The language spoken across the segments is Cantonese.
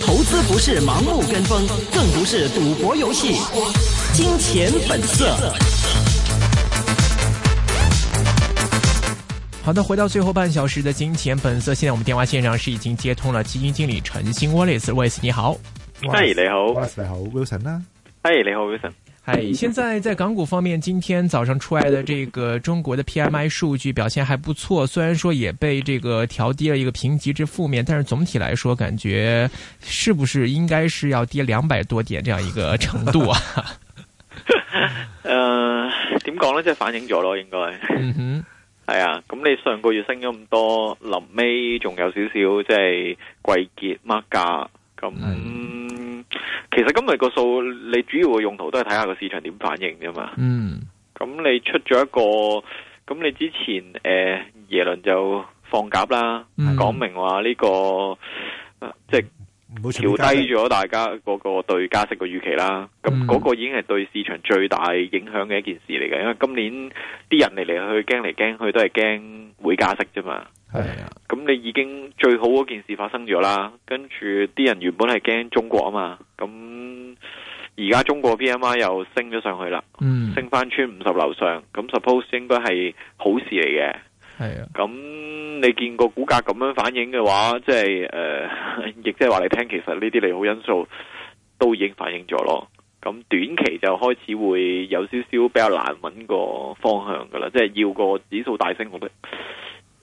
投資不是盲目跟風，更不是賭博遊戲。金錢本色。好的，回到最後半小時的金錢本色，現在我們電話線上是已經接通了基金經理陳昕 Wallace，Wallace 你好。嗨，你好。你好，Wilson 啊。嗨，你好，Wilson。誒、哎，現在在港股方面，今天早上出來的這個中國的 P M I 數據表現還不錯，雖然說也被這個調低了一個評級之負面，但是總體來說，感覺是不是應該是要跌兩百多點這樣一個程度啊？呃點講呢，即係反映咗咯，應該是。嗯哼，係 啊，咁你上個月升咗咁多，臨尾仲有少少即係季結 mark 價咁。其實今日個數，你主要嘅用途都係睇下個市場點反應啫嘛。嗯，咁你出咗一個，咁你之前，誒、呃、耶倫就放鴿啦，講、嗯、明話呢、這個，即、啊、係。就是調低咗大家嗰個對加息嘅預期啦，咁、嗯、嗰、嗰個已經係對市場最大影響嘅一件事嚟嘅，因為今年啲人嚟嚟去驚嚟驚去都係驚會加息啫嘛。係啊，咁你已經最好嗰件事發生咗啦，跟住啲人原本係驚中國啊嘛，咁而家中國 PMI 又升咗上去啦、嗯，升翻穿五十樓上，咁 suppose 應該係好事嚟嘅。係啊，咁你見個股價咁樣反應嘅話，即係誒，亦即係話你聽，其實呢啲利好因素都已經反映咗咯。咁短期就開始會有少少比較難搵個方向噶啦，即係要個指數大升，我覺得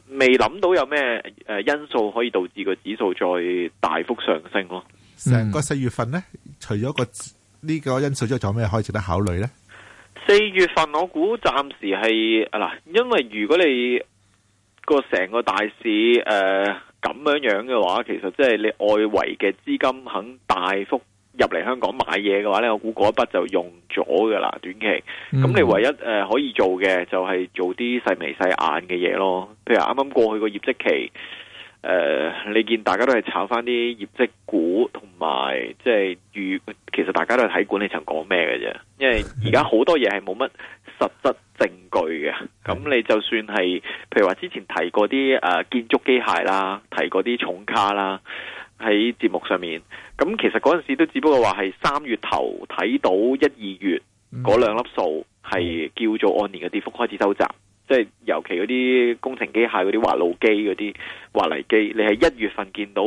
未諗到有咩誒因素可以導致個指數再大幅上升咯。成、嗯、個四月份咧，除咗個呢個因素之外，仲有咩可以值得考慮咧？四月份我估暫時係嗱，因為如果你個成個大市誒咁、呃、樣樣嘅話，其實即係你外圍嘅資金肯大幅入嚟香港買嘢嘅話呢，我估嗰筆就用咗㗎啦。短期咁，你唯一、呃、可以做嘅就係做啲細眉細眼嘅嘢咯。譬如啱啱過去個業績期，誒、呃、你見大家都係炒翻啲業績股，同埋即係預，其實大家都係睇管理層講咩嘅啫。因為而家好多嘢係冇乜實質證據嘅，咁你就算係，譬如話之前提過啲誒、呃、建築機械啦，提過啲重卡啦，喺節目上面，咁其實嗰陣時都只不過話係三月頭睇到一二月嗰兩粒數係叫做按年嘅跌幅開始收窄，即係尤其嗰啲工程機械嗰啲滑路機嗰啲滑泥機，你係一月份見到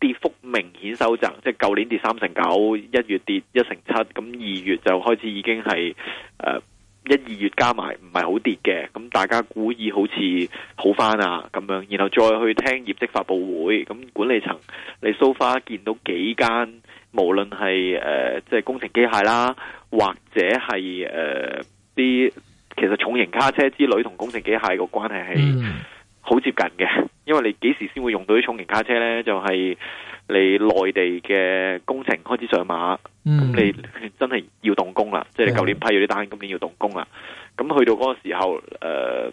跌幅明顯收窄，即係舊年跌三成九，一月跌一成七，咁二月就開始已經係誒。呃一二月加埋唔係好跌嘅，咁大家估意好似好返啊咁樣，然後再去聽業績發佈會，咁管理層你 so far 見到幾間，無論係誒即係工程機械啦，或者係誒啲其實重型卡車之類同工程機械個關係係好接近嘅，因為你幾時先會用到啲重型卡車呢？就係、是。你內地嘅工程開始上馬，咁、嗯、你真係要動工啦，即係舊年批咗啲單，今年要動工啦。咁去到嗰個時候，誒、呃，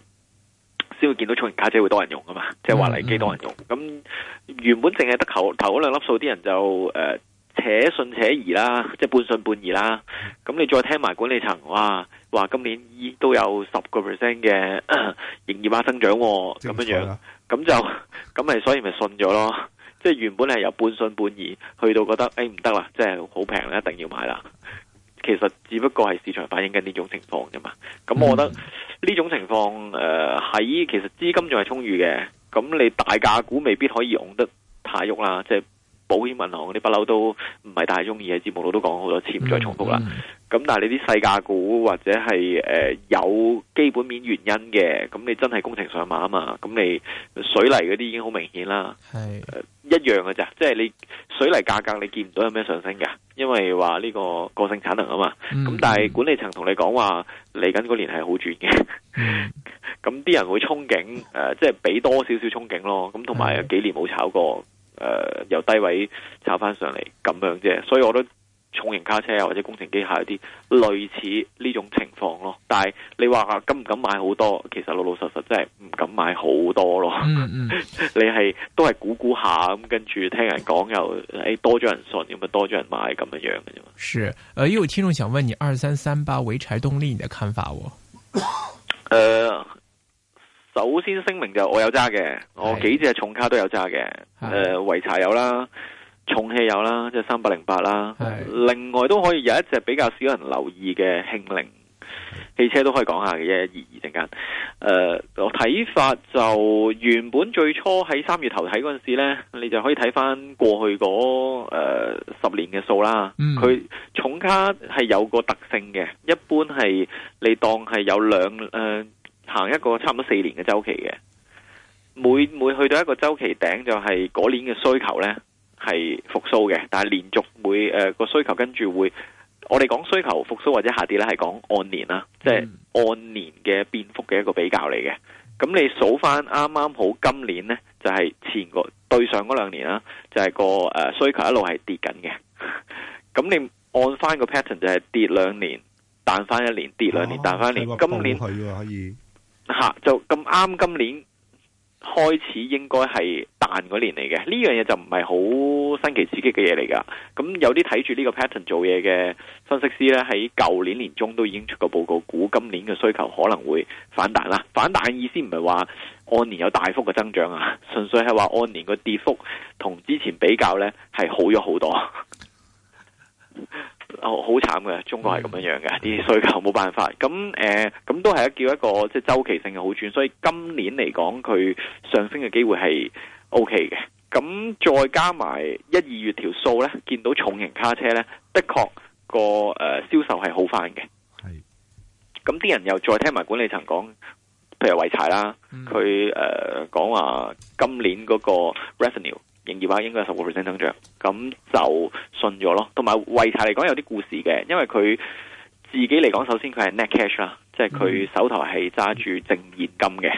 先會見到重型卡車會多人用㗎嘛，即係挖泥機多人用。咁、嗯、原本淨係得頭頭兩粒數啲人就誒、呃、且信且疑啦，即係半信半疑啦。咁你再聽埋管理層，哇，話今年都有十個 percent 嘅營業額增長、啊，咁樣樣，咁就咁咪、嗯、 所以咪信咗咯。即係原本係由半信半疑，去到覺得唉，唔得啦，即係好平，一定要買啦。其實只不過係市場反映緊呢種情況啫嘛。咁我覺得呢種情況誒喺、呃、其實資金仲係充裕嘅，咁你大價股未必可以用得太喐啦，即保險銀行嗰啲不嬲都唔係大中意嘅，節目我都講好多次，唔再重複啦。咁但係你啲細價股或者係誒、呃、有基本面原因嘅，咁你真係工程上馬啊嘛？咁你水泥嗰啲已經好明顯啦，係、呃、一樣嘅啫。即、就、係、是、你水泥價格你見唔到有咩上升㗎，因為話呢個過剩產能啊嘛。咁、嗯、但係管理層同你講話嚟緊嗰年係好轉嘅，咁、嗯、啲、嗯、 人會憧憬誒、呃，即係俾多少少憧憬咯。咁同埋有幾年冇炒過。誒、呃，由低位炒翻上嚟，咁樣啫，所以我都重型卡車啊，或者工程機械啲類似呢種情況咯。但係你話我敢唔敢買好多，其實老老實實真係唔敢買好多咯。嗯嗯、 你係都係估估下咁，跟住聽人講又誒多咗人信，咁咪多咗人買咁樣嘅啫嘛。是，誒、呃，又有聽眾想問你二三三八濰柴動力，你的看法我？誒、 呃。首先聲明就我有揸嘅，我幾隻重卡都有揸嘅，誒、呃、維柴有啦，重汽有啦，即係三百零八啦。另外都可以有一隻比較少人留意嘅慶鈴汽車都可以講下嘅啫，而而陣間。我睇法就原本最初喺三月頭睇嗰陣時呢，你就可以睇翻過去嗰十、呃、年嘅數啦。佢、嗯、重卡係有個特性嘅，一般係你當係有兩誒。呃行一個差唔多四年嘅周期嘅，每每去到一個周期頂就係、是、嗰年嘅需求呢係復蘇嘅，但係連續每誒個、呃、需求跟住會，我哋講需求復蘇或者下跌呢，係講按年啦、啊嗯，即係按年嘅變幅嘅一個比較嚟嘅。咁你數翻啱啱好今年呢就係、是、前個對上嗰兩年啦、啊，就係、是那個誒、呃、需求一路係跌緊嘅。咁 你按翻個 pattern 就係跌兩年，彈翻一年，跌兩年，彈、啊、翻一年、啊。今年可以。吓 就咁啱，今年開始應該係彈嗰年嚟嘅，呢樣嘢就唔係好新奇刺激嘅嘢嚟噶。咁有啲睇住呢個 pattern 做嘢嘅分析師呢，喺舊年年中都已經出過報告，估今年嘅需求可能會反彈啦。反彈意思唔係話按年有大幅嘅增長啊，純粹係話按年個跌幅同之前比較呢係好咗好多。 好慘嘅，中國係咁樣樣嘅，啲需求冇辦法。咁誒，咁、呃、都係叫一個即係周期性嘅好轉。所以今年嚟講，佢上升嘅機會係 O K 嘅。咁再加埋一二月條數咧，見到重型卡車咧，的確，嗰個誒銷、呃、售係好翻嘅。係。咁啲人又再聽埋管理層講，譬如濰柴啦，佢誒講話今年嗰個 revenue。營業額應該係十個 percent 增長，咁就信咗咯。同埋濰柴嚟講有啲故事嘅，因為佢自己嚟講，首先佢係 net cash 啦，即係佢手頭係揸住淨現金嘅。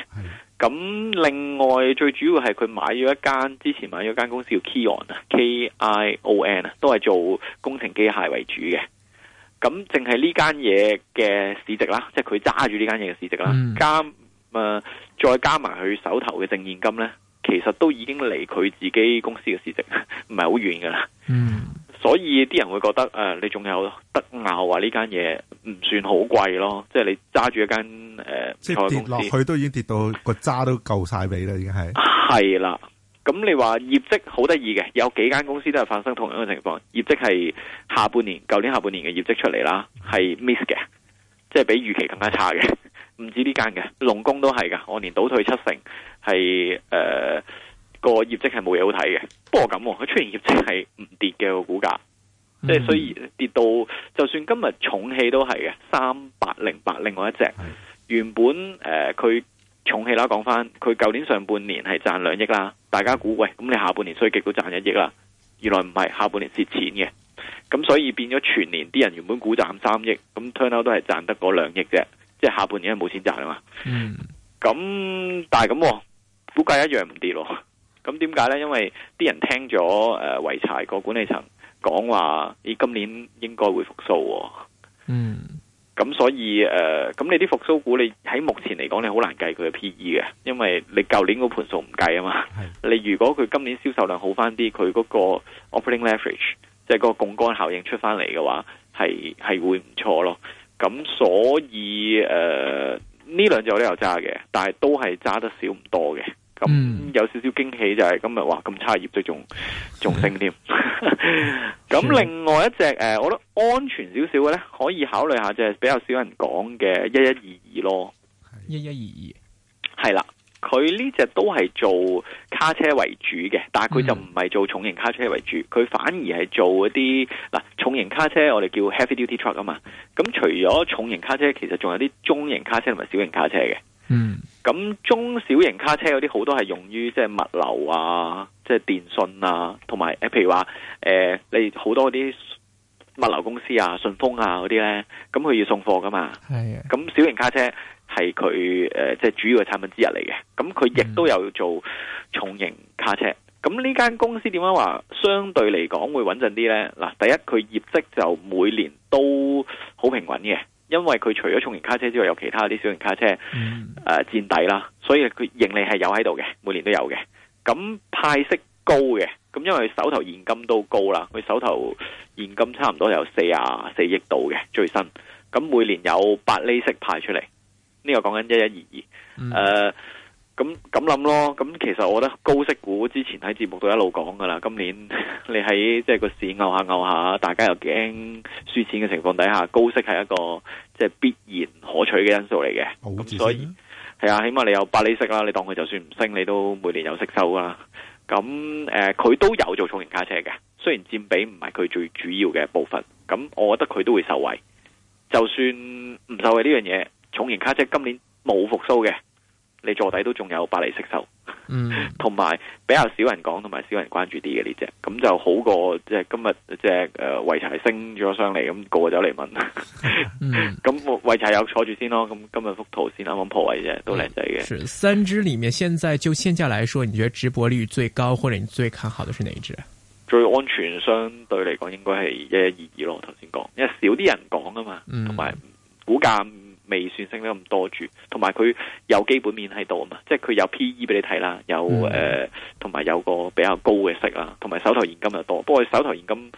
咁另外最主要係佢買咗一間，之前買咗一間公司叫 Kion 啊，K I O N 啊，都係做工程機械為主嘅。咁淨係呢間嘢嘅市值啦，即係佢揸住呢間嘢嘅市值啦，加、呃、再加埋佢手頭嘅淨現金咧。其實都已經離佢自己公司嘅市值唔係好遠噶啦，所以啲人會覺得誒、呃，你仲有得拗話呢間嘢唔算好貴咯，即係你揸住一間誒、呃，即係跌落去都已經跌到、嗯、個渣都夠晒俾啦，已經係係啦，咁你話業績好得意嘅，有幾間公司都係發生同樣嘅情況，業績係下半年、舊年下半年嘅業績出嚟啦，係 miss 嘅，即係比預期更加差嘅。唔止呢間嘅龍工都係嘅，我年倒退七成係誒、呃、那個業績係冇嘢好睇嘅。不過咁佢、啊、出現業績係唔跌嘅、那個股價、嗯，即係所以跌到就算今日重汽都係嘅三百零八，另外一隻原本誒佢、呃、重汽啦，講翻佢舊年上半年係賺兩億啦，大家估喂，咁你下半年所以極都賺一億啦，原來唔係下半年蝕錢嘅，咁所以變咗全年啲人原本估賺三億，咁 turn out 都係賺得嗰兩億嘅。即係下半年係冇錢賺啊嘛，咁、嗯、但係咁、哦，估計一樣唔跌咯。咁點解呢？因為啲人聽咗誒維柴個管理層講話，你今年應該會復蘇、哦。嗯，咁所以誒、咁、呃、你啲復蘇股，你喺目前嚟講，你好難計佢嘅 P E 嘅，因為你舊年嗰盤數唔計啊嘛。你如果佢今年銷售量好翻啲，佢嗰個 operating leverage，即係個槓桿效應出翻嚟嘅話，係係會唔錯咯。咁所以誒呢、呃、兩隻我都有揸嘅，但係都係揸得少唔多嘅。咁有少少驚喜就係、是嗯、今日話咁差，業都仲仲升添。咁 另外一隻誒、呃，我覺得安全少少嘅咧，可以考慮下就係、是、比較少人講嘅一一二二咯。一一二二係啦。佢呢隻都係做卡車為主嘅，但係佢就唔係做重型卡車為主，佢反而係做嗰啲嗱重型卡車我哋叫 heavy duty truck 啊嘛。咁除咗重型卡車，其實仲有啲中型卡車同埋小型卡車嘅。嗯，咁中小型卡車嗰啲好多係用於即係物流啊，即係電信啊，同埋誒，譬如話誒、呃、你好多嗰啲物流公司啊，順豐啊嗰啲咧，咁佢要送貨噶嘛。係啊，咁小型卡車。係佢誒，即係主要嘅產品之一嚟嘅。咁佢亦都有做重型卡車。咁呢間公司點樣話相對嚟講會穩陣啲呢？嗱，第一佢業績就每年都好平穩嘅，因為佢除咗重型卡車之外，有其他啲小型卡車誒墊、嗯呃、底啦。所以佢盈利係有喺度嘅，每年都有嘅。咁派息高嘅，咁因為手頭現金都高啦，佢手頭現金差唔多有四啊四億度嘅最新。咁每年有八厘息派出嚟。呢、這個講緊一一二二，誒、呃，咁咁諗咯，咁其實我覺得高息股之前喺節目度一路講㗎喇。今年 你喺即係個市拗下拗下，大家又驚輸錢嘅情況底下，高息係一個即係、就是、必然可取嘅因素嚟嘅。咁、嗯、所以係、嗯、啊，起碼你有百厘息啦，你當佢就算唔升，你都每年有息收啦。咁誒，佢、呃、都有做重型卡車嘅，雖然佔比唔係佢最主要嘅部分。咁我覺得佢都會受惠，就算唔受惠呢樣嘢。重型卡即係今年冇復甦嘅，你坐底都仲有百厘息收，嗯，同埋比較少人講，同埋少人關注啲嘅呢隻，咁就好過即係今日即係誒維柴升咗上嚟咁過咗嚟問，嗯，咁維、嗯、柴有坐住先咯，咁今日幅圖先啱啱破位啫，都靚仔嘅。三支裏面，現在就現價來說，你覺得值博率最高或者你最看好嘅是哪一支？最安全相對嚟講，應該係一、一二,二、二咯。頭先講，因為少啲人講啊嘛，同、嗯、埋股價。未算升得咁多住，同埋佢有基本面喺度啊嘛，即係佢有 PE 俾你睇啦，有誒同埋有個比較高嘅息啦，同埋手頭現金又多。不過手頭現金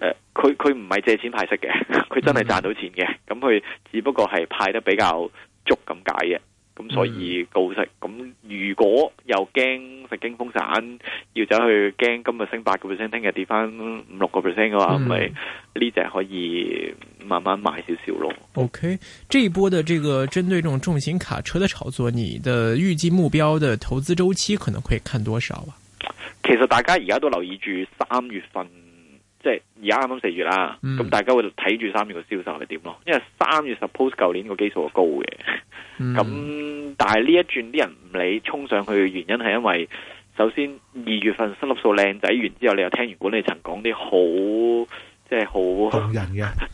誒佢佢唔係借錢派息嘅，佢真係賺到錢嘅，咁佢只不過係派得比較足咁解嘅。咁所以告息，咁、嗯、如果又驚食驚風散，要走去驚今日升八個 percent，聽日跌翻五六個 percent 嘅話，咪呢隻可以慢慢買少少咯。OK，這一波的這個針對這種重型卡車的炒作，你的預計目標的投資周期可能會看多少啊？其實大家而家都留意住三月份。即係而家啱啱四月啦，咁、嗯、大家會睇住三月個銷售係點咯，因為三月 suppose 舊年個基數係高嘅，咁、嗯、但係呢一轉啲人唔理衝上去，原因係因為首先二月份新粒數靚仔完之後，你又聽完管理層講啲好即係好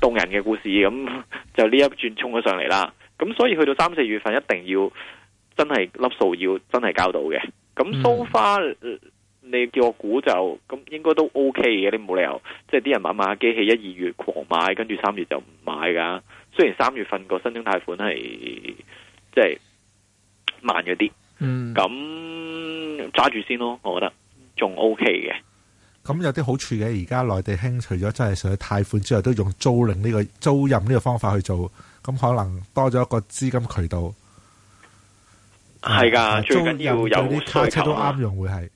動人嘅故事，咁就呢一轉衝咗上嚟啦，咁所以去到三四月份一定要真係粒數要真係交到嘅，咁 so far。你叫我估就咁，應該都 O K 嘅。你冇理由，即係啲人買買機器，一二月狂買，跟住三月就唔買噶。雖然三月份個申請貸款係即係慢咗啲，咁揸住先咯。我覺得仲 O K 嘅。咁、OK、有啲好處嘅。而家內地興除咗真係上去貸款之外，都用租賃呢、這個租賃呢個方法去做，咁可能多咗一個資金渠道。係噶、嗯啊，租要有啲卡車都啱用會，會係。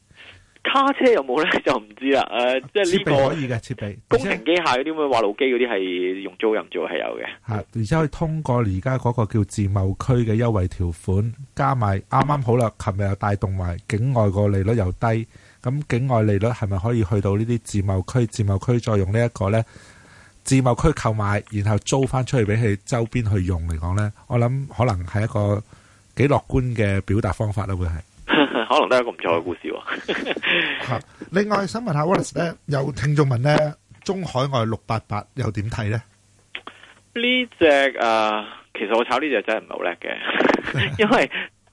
卡車有冇呢？就唔知啦。誒、呃，即係呢個可以嘅設備。工程機械嗰啲咩挖路機嗰啲係用租賃做，係有嘅。吓、啊、而且佢通過而家嗰個叫自貿區嘅優惠條款，加埋啱啱好啦。琴日又帶動埋境外個利率又低，咁境外利率係咪可以去到呢啲自貿區？自貿區再用呢一個呢？自貿區購買，然後租翻出去俾佢周邊去用嚟講呢，我諗可能係一個幾樂觀嘅表達方法啦、啊，會係。可能都係一個唔錯嘅故事、啊。 另外想問下 Wallace 咧，有聽眾問咧，中海外六八八又點睇咧？呢隻誒、啊，其實我炒呢隻真係唔係好叻嘅， 因為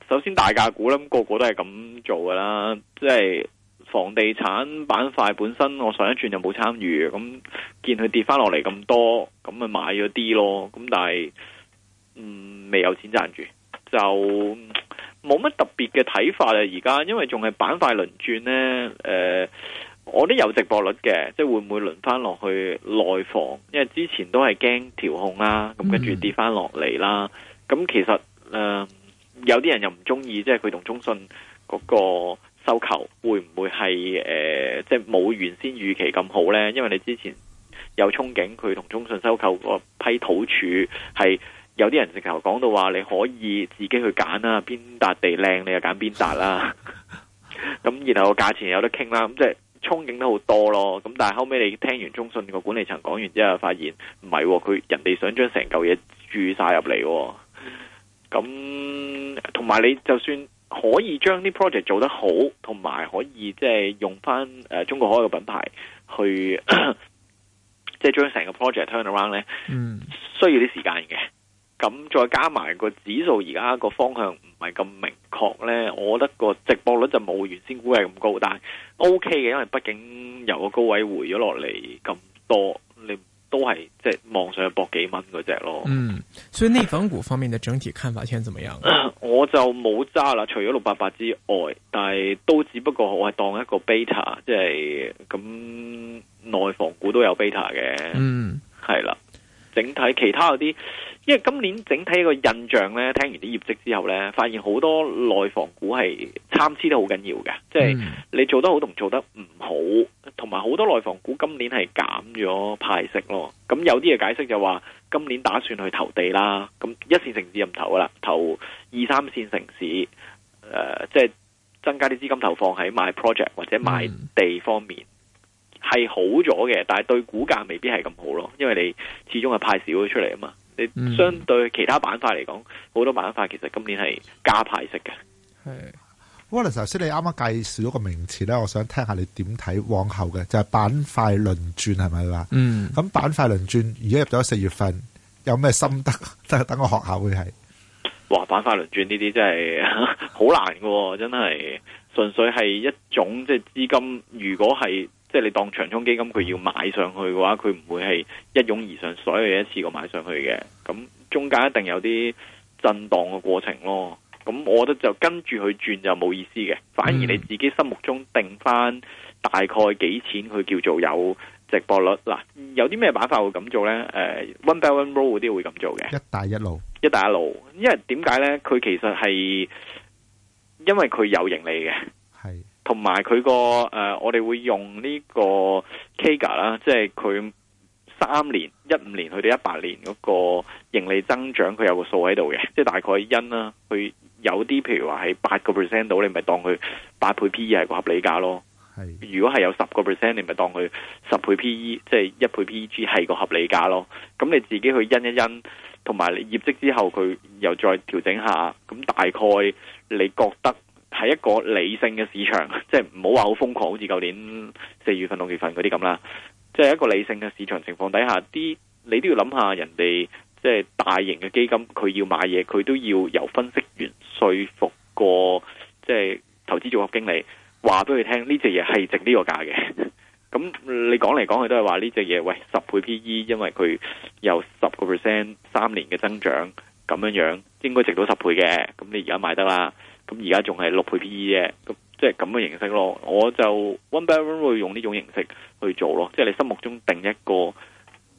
首先大價股啦，咁個個都係咁做噶啦。即係房地產板塊本身，我上一串就冇參與，咁見佢跌翻落嚟咁多，咁咪買咗啲咯。咁但係，嗯，未有錢賺住就。冇乜特別嘅睇法啊！而家因為仲係板塊輪轉呢，誒、呃，我都有直播率嘅，即係會唔會輪翻落去內房？因為之前都係驚調控啦，咁跟住跌翻落嚟啦。咁其實誒、呃，有啲人又唔中意，即係佢同中信嗰個收購，會唔會係誒，即係冇原先預期咁好呢？因為你之前有憧憬佢同中信收購個批土處係。有啲人直頭講到話，你可以自己去揀啦，邊笪地靚你又揀邊笪啦。咁 然後個價錢有得傾啦。咁即係憧憬得好多咯。咁但係後尾你聽完中信個管理層講完之後，發現唔係，佢人哋想將成嚿嘢注晒入嚟。咁同埋你就算可以將啲 project 做得好，同埋可以即係用翻誒、呃、中國海外嘅品牌去，即係將成個 project turnaround 咧、嗯，需要啲時間嘅。咁再加埋個指數而家個方向唔係咁明確咧，我覺得個直播率就冇原先估係咁高，但係 O K 嘅，因為畢竟由個高位回咗落嚟咁多，你都係即係望上去搏幾蚊嗰隻咯。嗯，所以內房股方面的整體看法先怎麼樣？嗯，我就冇揸啦，除咗六八八之外，但係都只不過我係當一個 beta，即係咁內房股都有 beta 嘅。嗯，係啦。整體其他嗰啲，因為今年整體個印象呢，聽完啲業績之後呢，發現好多內房股係參差得好緊要嘅，即係你做得好同做得唔好，同埋好多內房股今年係減咗派息咯。咁有啲嘢解釋就話，今年打算去投地啦，咁一綫城市就唔投啦，投二三綫城市，誒、呃，即係增加啲資金投放喺買 project 或者買地方面。嗯係好咗嘅，但係對股價未必係咁好咯，因為你始終係派少咗出嚟啊嘛。你相對其他板塊嚟講，好多板塊其實今年係加派息嘅。係。Wallace 頭先你啱啱介紹咗個名詞咧，我想聽下你點睇往後嘅，就係、是、板塊輪轉，係咪啊？嗯。咁、嗯嗯、板塊輪轉，而家入咗四月份，有咩心得？等等我學下會係。哇！板塊輪轉呢啲真係好 難噶，真係純粹係一種即係資金，如果係。即係你當長沖基金佢要買上去嘅話，佢唔會係一擁而上，所有嘢一次過買上去嘅。咁中間一定有啲震蕩嘅過程咯。咁我覺得就跟住去轉就冇意思嘅，反而你自己心目中定翻大概幾錢佢叫做有值博率。嗱，有啲咩辦法會咁做呢？誒，one belt one road 嗰啲會咁做嘅。一帶一路，一帶一路，因為點解呢？佢其實係因為佢有盈利嘅。同埋佢個誒，我哋會用呢個 Kager 啦，即係佢三年、一五年、去到一八年嗰個盈利增長，佢有個數喺度嘅，即係大概因啦。佢有啲譬如話係八個 percent 度，你咪當佢八倍 P E 係個合理價咯。係如果係有十個 percent，你咪當佢十倍 P E，即係一倍 P E G 係個合理價咯。咁你自己去因一因，同埋你業績之後佢又再調整下，咁大概你覺得？喺一個理性嘅市場，即係唔好話好瘋狂，好似舊年四月份、六月份嗰啲咁啦。即係一個理性嘅市場情況底下，啲你都要諗下人哋，即係大型嘅基金，佢要買嘢，佢都要由分析員說服過，即係投資組合經理話俾佢聽呢隻嘢係值呢個價嘅。咁 你講嚟講去都係話呢隻嘢，喂，十倍 P E，因為佢有十個 percent 三年嘅增長，咁樣樣應該值到十倍嘅。咁你而家買得啦。咁而家仲係六倍 P E 啫，咁即係咁嘅形式咯。我就 One by One 會用呢種形式去做咯，即係你心目中定一個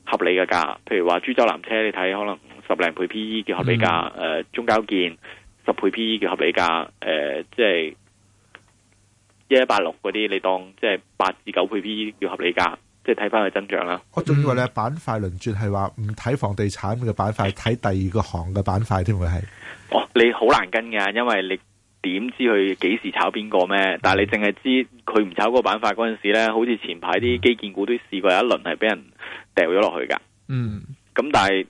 合理嘅價。譬如話株洲南車，你睇可能十零倍 P E 叫合理價。誒、嗯，中交建十倍 P E 叫合理價。誒、呃，即係一一八六嗰啲，你當即係八至九倍 P E 叫合理價。即係睇翻佢增長啦。我仲以為你板塊輪轉係話唔睇房地產嘅板塊，睇第二個行嘅板塊添，會係。哦，你好難跟㗎，因為你。點知佢幾時炒邊個咩？但係你淨係知佢唔炒嗰個板塊嗰陣時呢，好似前排啲基建股都試過有一輪係俾人掉咗落去噶。嗯，咁但係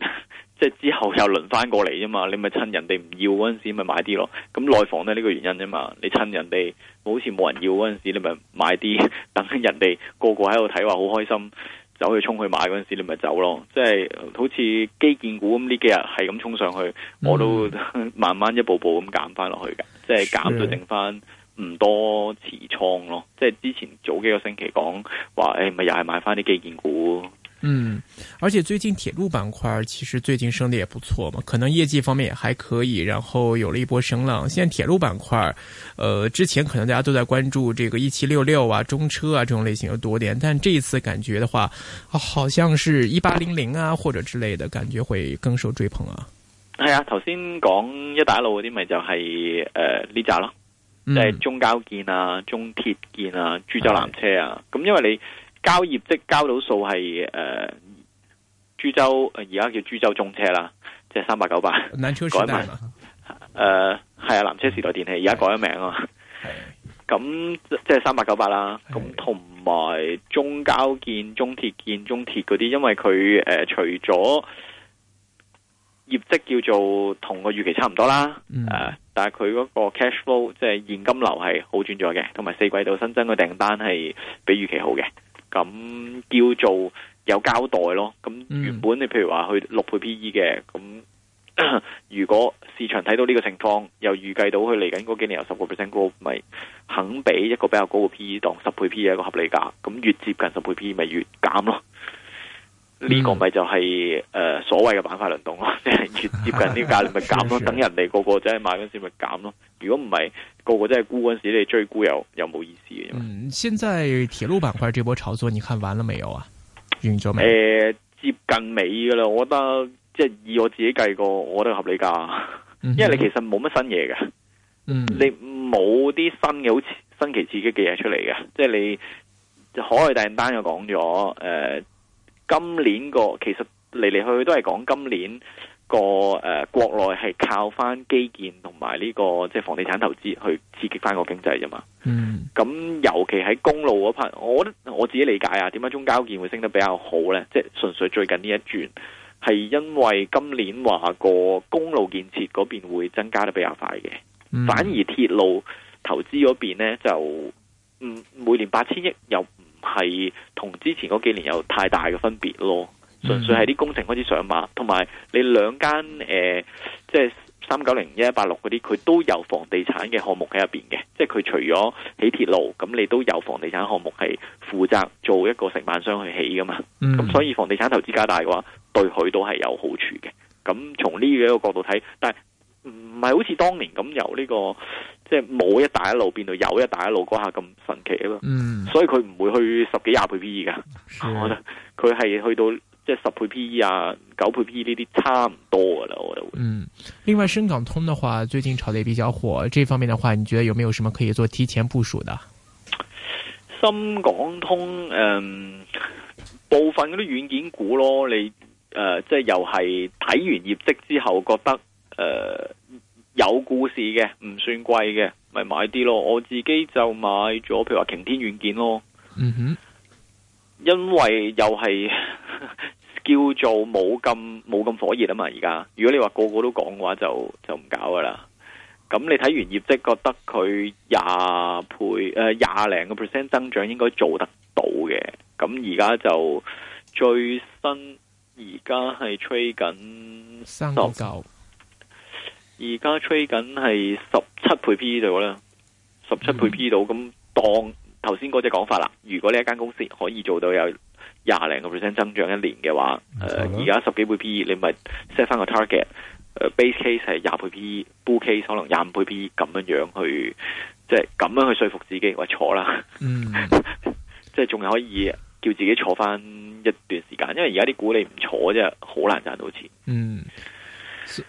即係之後又輪翻過嚟啫嘛，你咪趁人哋唔要嗰陣時咪買啲咯。咁內房呢個原因啫嘛，你趁人哋好似冇人要嗰陣時，你咪買啲，等人哋個個喺度睇話好開心，走去衝去買嗰陣時，你咪走咯，即係好似基建股咁呢幾日係咁衝上去，我都慢慢一步步咁減翻落去嘅。即係減到剩翻唔多持倉咯，即係之前早幾個星期講話，誒，咪又係買翻啲基建股。嗯，而且最近鐵路板塊其實最近升得也不錯嘛，可能業績方面也還可以，然後有了一波聲浪。現在鐵路板塊，呃，之前可能大家都在關注這個一七六六啊、中車啊這種類型有多點，但這一次感覺的話，好像是一八零零啊或者之類的感覺會更受追捧啊。係啊，頭先講一帶一路嗰啲咪就係、是、呃呢紮咯，即、嗯、係、就是、中交建啊、中鐵建啊、株洲南車啊，咁、啊、因為你。交業績交到數係誒，株洲而家叫株洲中車啦，即係三百九八改名，誒係啊，啊是，南車時代電器而家改咗名啊，咁即係三百九八啦，咁同埋中交建、中鐵建、中鐵嗰啲，因為佢誒、呃、除咗業績叫做同個預期差唔多啦，誒、嗯啊，但係佢嗰個 cash flow 即係現金流係好轉咗嘅，同埋四季度新增嘅訂單係比預期好嘅。咁叫做有交代咯。咁原本你譬如話去六倍 P E 嘅，咁如果市場睇到呢個情況，又預計到佢嚟緊嗰幾年有十個 percent 高，咪肯俾一個比較高嘅 P E，當十倍 P E 一個合理價。咁越接近十倍 P E 咪越減咯。呢、這個咪就係誒所謂嘅板塊輪動咯，即係越接近呢價你咪減咯， 是是是等人哋個個真係買嗰時咪減咯。如果唔係個個真係沽嗰時，你追沽又又冇意思嘅。嗯，現在鐵路板塊這波炒作，你看完了沒有啊？完咗未？誒、呃，接近尾噶啦，我覺得即係以我自己計過，我覺得合理價，因為你其實冇乜新嘢嘅，嗯、你冇啲新嘅好似新奇刺激嘅嘢出嚟嘅，即係你海外訂單又講咗，誒、呃。今年個其實嚟嚟去去，都係講今年個誒、呃、國內係靠翻基建同埋呢個即係、就是、房地產投資去刺激翻個經濟啫嘛。嗯，咁尤其喺公路嗰 p 我覺得我自己理解啊，點解中交建會升得比較好咧？即係純粹最近呢一轉，係因為今年話個公路建設嗰邊會增加得比較快嘅，嗯、反而鐵路投資嗰邊咧就嗯每年八千億係同之前嗰幾年有太大嘅分別咯，純粹係啲工程開始上馬，同埋你兩間誒，即係三九零一一八六嗰啲，佢、就是、都有房地產嘅項目喺入邊嘅，即係佢除咗起鐵路，咁你都有房地產項目係負責做一個承辦商去起㗎嘛，咁、嗯、所以房地產投資加大嘅話，對佢都係有好處嘅。咁從呢個一個角度睇，但係唔係好似當年咁由呢個。即係冇一帶一路變到有一帶一路嗰下咁神奇吖嘛、嗯，所以佢唔會去十幾廿倍 P E 噶、啊，我覺得佢係去到即係、就是、十倍 P E 啊、九倍 P E 呢啲差唔多噶啦。我覺得會嗯，另外深港通嘅話最近炒得比較火，這方面嘅話，你覺得有冇有什麼可以做提前部署的？深港通誒、呃，部分嗰啲軟件股咯，你誒、呃、即係又係睇完業績之後覺得誒。呃有故事嘅，唔算貴嘅，咪買啲咯。我自己就買咗，譬如話擎天軟件咯。嗯哼，因為又係叫做冇咁冇咁火熱啊嘛。而家如果你話個個都講嘅話就，就就唔搞噶啦。咁你睇完業績，覺得佢廿倍誒廿零個 percent 增長應該做得到嘅。咁而家就最新，而家係吹緊三九。而家吹緊係十七倍 P 度啦，十七倍 P 度咁當頭先嗰隻講法啦。如果呢一間公司可以做到有廿零個 percent 增長一年嘅話，誒、嗯，而、呃、家十幾倍 P，你咪 set 翻個 target，呃、base case 係廿倍 P，bull case 可能廿五倍 P，咁樣樣去即係咁樣去說服自己，喂，坐啦，嗯，即係仲可以叫自己坐翻一段時間，因為而家啲股你唔坐即係好難賺到錢，嗯。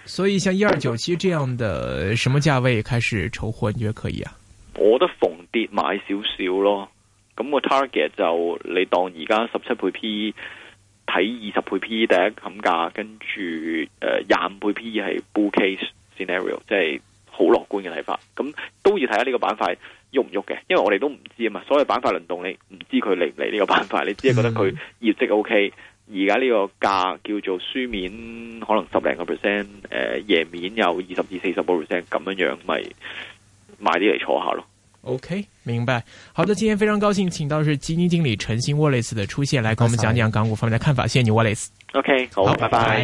所以，像一二九七這樣的什麼價位開始籌貨，你覺得可以啊？我覺得逢跌買少少咯。咁個 target 就你當而家十七倍 PE 睇二十倍 PE 第一冚價，跟住誒廿五倍 PE 係 bull case scenario，即係好樂觀嘅睇法。咁都要睇下呢個板塊喐唔喐嘅，因為我哋都唔知啊嘛。所謂板塊輪動，你唔知佢嚟唔嚟呢個板塊，你只係覺得佢業績 OK、嗯。而家呢個價叫做書面可能十零個 percent，誒，頁、呃、面有二十至四十個 percent 咁樣樣，咪買啲嚟坐下咯。OK，明白。好的，今天非常高興，請到的是基金，金經理陳昕 Wallace 的出現，來跟我們講講港股方面的看法。謝謝你 Wallace。OK，好，拜拜。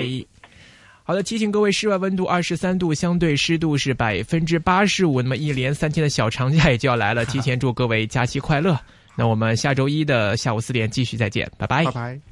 好的，提醒各位，室外溫度二十三度，相對濕度是百分之八十五。那麼一連三天的小長假也就要來了，提前祝各位假期快樂。 那我們下週一的下午四點繼續再見，拜拜。Bye bye。